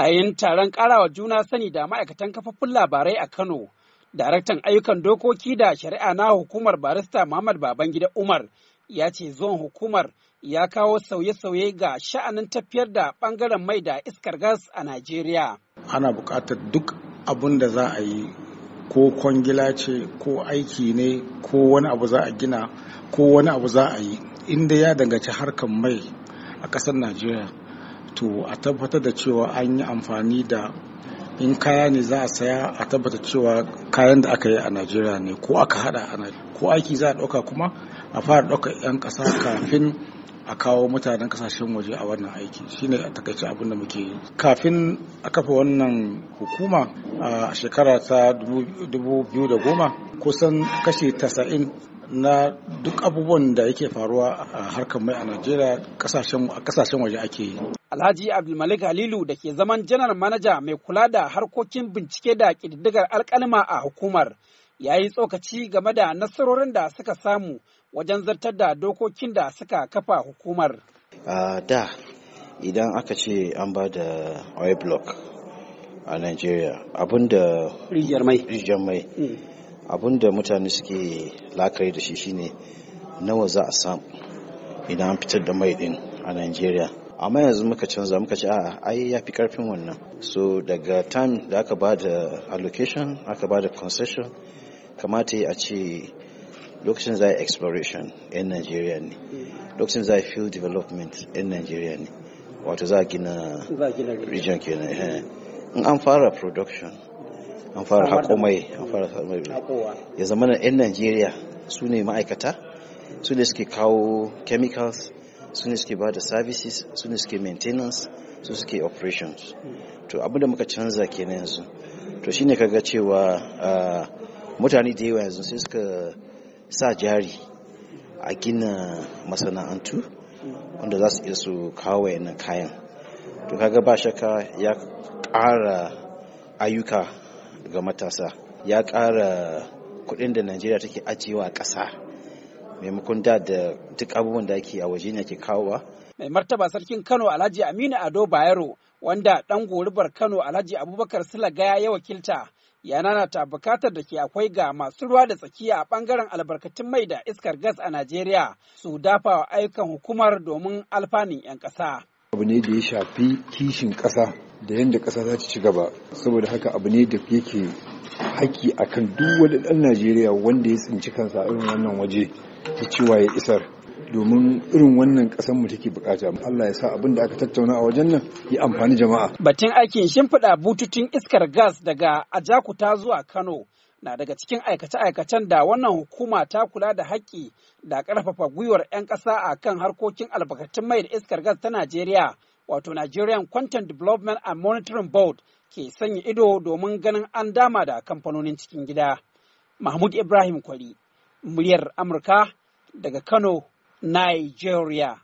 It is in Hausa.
A yayin taron ƙarawa juna sani da ma'aikatan kafafun labarai a Kano, daraktan ayyukan dokoki da shari'a na hukumar barista Muhammad Babangida Umar ya ce zuwan hukumar ya kawo sauye-sauye ga sha'anin tafiyar da bangaren mai da iskar gas a Najeriya. Ana buƙatar duk abin da za a yi ko kwangila ce ko aiki ne ko wani abu za a gina ko wani abu za a yi inda ya danganci harkar mai a ƙasar Najeriya. to a tabbatar da cewa an yi amfani da in kaya ne za a saya a tabbata cewa kayan da aka yi a najeriya ne ko aka hada a ko aiki za a dauka kuma a fara dauka 'yan kasa kafin a kawo mutanen kasashen waje a wannan aiki shine a takaice abin da muke yi kafin a kafa wannan hukuma a shekara ta 2010 kusan kashe 90 na duk abubuwan da yake faruwa a harkar mai a Najeriya kasashen waje ake yi. Alhaji Abdulmalik Halilu da ke zaman janar manaja mai kula da harkokin bincike da ƙididdigar alkalma a hukumar ya yi tsokaci game da nasarorin da suka samu wajen zartar da dokokin da suka kafa hukumar. da idan aka ce an ba da oil block a Najeriya abinda rijiyar mai mm. abin da mutane suke lakari da shi shine nawa za a samu idan an fitar da mai din a Najeriya. amma yanzu muka canza muka ce a'a ai ya fi karfin wannan so daga time da aka ba da allocation aka ba da concession kamata a ce lokacin za a exploration 'yan Najeriya ne lokacin za field development 'yan Najeriya ne wato za gina region kenan eh. in an fara production an fara haƙo mai an mm. fara mai ya zama na 'yan najeriya su ne ma'aikata su ne suke kawo chemicals su ne suke ba da services su ne suke maintenance su suke operations mm. to abinda muka canza kenan yanzu to shine kaga cewa mutane da yawa yanzu sai suka sa jari a gina masana'antu mm. wanda za su iya su kawo wayannan kayan to kaga ba shaka ya ƙara ayyuka ga matasa ya ƙara kuɗin da najeriya take ajiyewa a ƙasa maimakon da duk abubuwan da ake a waje ne ke kawowa mai martaba sarkin kano alhaji aminu ado bayero wanda ɗan goribar kano alhaji abubakar silagaya ya wakilta ya ta bukatar da ke akwai ga masu ruwa da tsakiya a bangaren albarkatun mai da iskar gas a Najeriya su dafa wa ayyukan hukumar domin alfanin 'yan ƙasa. Abu ne da ya shafi kishin ƙasa da yadda ƙasa za ta ci gaba saboda haka abu ne da yake haƙƙi a kan wani ɗan najeriya wanda ya tsinci kansa irin wannan waje ta cewa ya isar domin irin wannan ƙasar mu take bukata Allah ya sa abin da aka tattauna a wajen nan ya amfani jama'a batun aikin shimfiɗa bututun iskar gas daga ajakuta zuwa kano na daga cikin aikace-aikacen da wannan hukuma ta kula da haƙƙi da ƙarfafa gwiwar 'yan ƙasa a kan harkokin albarkatun mai da iskar gas ta Najeriya wato Nigerian Content Development and Monitoring Board ke sanya ido domin ganin an dama da kamfanonin cikin gida. Mahmud Ibrahim Kwari, muryar Amurka daga Kano, Nigeria.